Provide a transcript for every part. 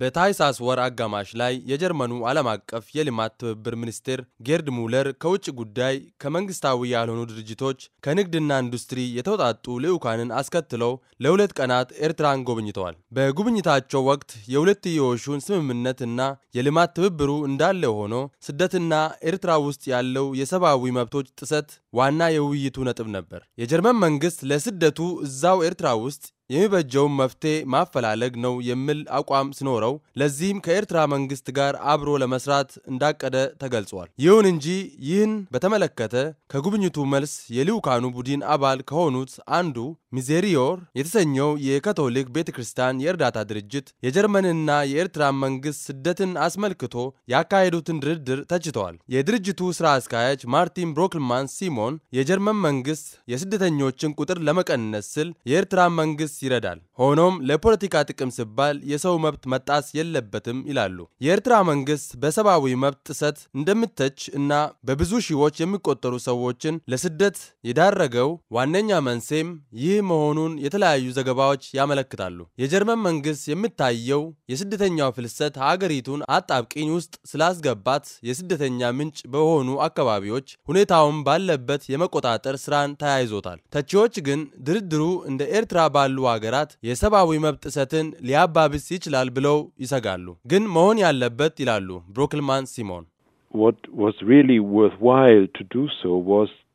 በታይሳስ ወር አጋማሽ ላይ የጀርመኑ ዓለም አቀፍ የልማት ትብብር ሚኒስቴር ጌርድ ሙለር ከውጭ ጉዳይ፣ ከመንግስታዊ ያልሆኑ ድርጅቶች፣ ከንግድና ኢንዱስትሪ የተውጣጡ ልዑካንን አስከትለው ለሁለት ቀናት ኤርትራን ጎብኝተዋል። በጉብኝታቸው ወቅት የሁለትዮሹን ስምምነትና የልማት ትብብሩ እንዳለ ሆኖ ስደትና ኤርትራ ውስጥ ያለው የሰብአዊ መብቶች ጥሰት ዋና የውይይቱ ነጥብ ነበር። የጀርመን መንግስት ለስደቱ እዛው ኤርትራ ውስጥ የሚበጀውን መፍትሄ ማፈላለግ ነው የሚል አቋም ሲኖረው ለዚህም ከኤርትራ መንግስት ጋር አብሮ ለመስራት እንዳቀደ ተገልጿል። ይሁን እንጂ ይህን በተመለከተ ከጉብኝቱ መልስ የልዑካኑ ቡድን አባል ከሆኑት አንዱ ሚዜሪዮር የተሰኘው የካቶሊክ ቤተ ክርስቲያን የእርዳታ ድርጅት የጀርመንና የኤርትራ መንግስት ስደትን አስመልክቶ ያካሄዱትን ድርድር ተችተዋል። የድርጅቱ ስራ አስኪያጅ ማርቲን ብሮክልማን ሲሞ ሰለሞን የጀርመን መንግስት የስደተኞችን ቁጥር ለመቀነስ ስል የኤርትራ መንግስት ይረዳል፣ ሆኖም ለፖለቲካ ጥቅም ሲባል የሰው መብት መጣስ የለበትም ይላሉ። የኤርትራ መንግስት በሰብአዊ መብት ጥሰት እንደምተች እና በብዙ ሺዎች የሚቆጠሩ ሰዎችን ለስደት የዳረገው ዋነኛ መንሴም ይህ መሆኑን የተለያዩ ዘገባዎች ያመለክታሉ። የጀርመን መንግስት የምታየው የስደተኛው ፍልሰት ሀገሪቱን አጣብቂኝ ውስጥ ስላስገባት የስደተኛ ምንጭ በሆኑ አካባቢዎች ሁኔታውን ባለበት ባለበት የመቆጣጠር ስራን ተያይዞታል። ተቺዎች ግን ድርድሩ እንደ ኤርትራ ባሉ ሀገራት የሰብአዊ መብት ጥሰትን ሊያባብስ ይችላል ብለው ይሰጋሉ። ግን መሆን ያለበት ይላሉ ብሮክልማን ሲሞን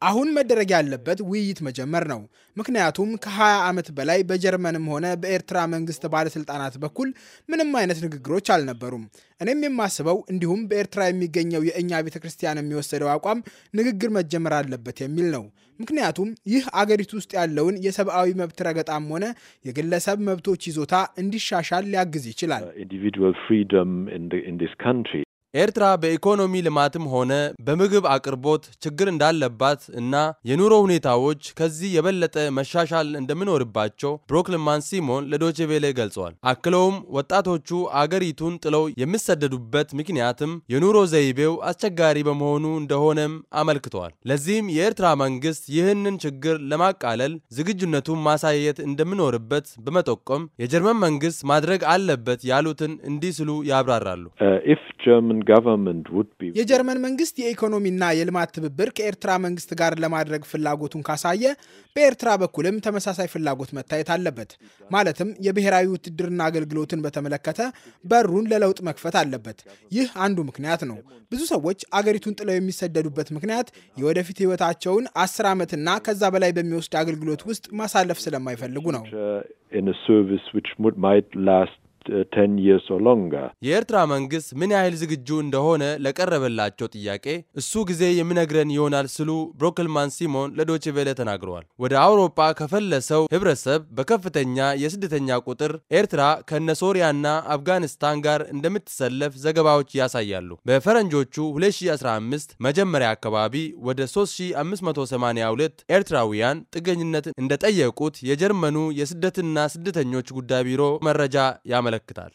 አሁን መደረግ ያለበት ውይይት መጀመር ነው። ምክንያቱም ከ20 ዓመት በላይ በጀርመንም ሆነ በኤርትራ መንግስት ባለስልጣናት በኩል ምንም አይነት ንግግሮች አልነበሩም። እኔም የማስበው እንዲሁም በኤርትራ የሚገኘው የእኛ ቤተ ክርስቲያን የሚወሰደው አቋም ንግግር መጀመር አለበት የሚል ነው። ምክንያቱም ይህ አገሪቱ ውስጥ ያለውን የሰብአዊ መብት ረገጣም ሆነ የግለሰብ መብቶች ይዞታ እንዲሻሻል ሊያግዝ ይችላል። ኤርትራ በኢኮኖሚ ልማትም ሆነ በምግብ አቅርቦት ችግር እንዳለባት እና የኑሮ ሁኔታዎች ከዚህ የበለጠ መሻሻል እንደሚኖርባቸው ብሮክልማን ሲሞን ለዶቼ ቬሌ ገልጸዋል። አክለውም ወጣቶቹ አገሪቱን ጥለው የሚሰደዱበት ምክንያትም የኑሮ ዘይቤው አስቸጋሪ በመሆኑ እንደሆነም አመልክተዋል። ለዚህም የኤርትራ መንግስት ይህንን ችግር ለማቃለል ዝግጁነቱን ማሳየት እንደሚኖርበት በመጠቆም የጀርመን መንግስት ማድረግ አለበት ያሉትን እንዲህ ስሉ ያብራራሉ። uh, የጀርመን መንግስት የኢኮኖሚና የልማት ትብብር ከኤርትራ መንግስት ጋር ለማድረግ ፍላጎቱን ካሳየ በኤርትራ በኩልም ተመሳሳይ ፍላጎት መታየት አለበት። ማለትም የብሔራዊ ውትድርና አገልግሎትን በተመለከተ በሩን ለለውጥ መክፈት አለበት። ይህ አንዱ ምክንያት ነው። ብዙ ሰዎች አገሪቱን ጥለው የሚሰደዱበት ምክንያት የወደፊት ህይወታቸውን አስር ዓመትና ከዛ በላይ በሚወስድ አገልግሎት ውስጥ ማሳለፍ ስለማይፈልጉ ነው። የኤርትራ መንግስት ምን ያህል ዝግጁ እንደሆነ ለቀረበላቸው ጥያቄ እሱ ጊዜ የሚነግረን ይሆናል ስሉ ብሮክልማን ሲሞን ለዶቼ ቬለ ተናግረዋል። ወደ አውሮፓ ከፈለሰው ህብረተሰብ በከፍተኛ የስደተኛ ቁጥር ኤርትራ ከነ ሶሪያና አፍጋኒስታን ጋር እንደምትሰለፍ ዘገባዎች ያሳያሉ። በፈረንጆቹ 2015 መጀመሪያ አካባቢ ወደ 3582 ኤርትራውያን ጥገኝነት እንደጠየቁት የጀርመኑ የስደትና ስደተኞች ጉዳይ ቢሮ መረጃ ያመለ ያመለክታል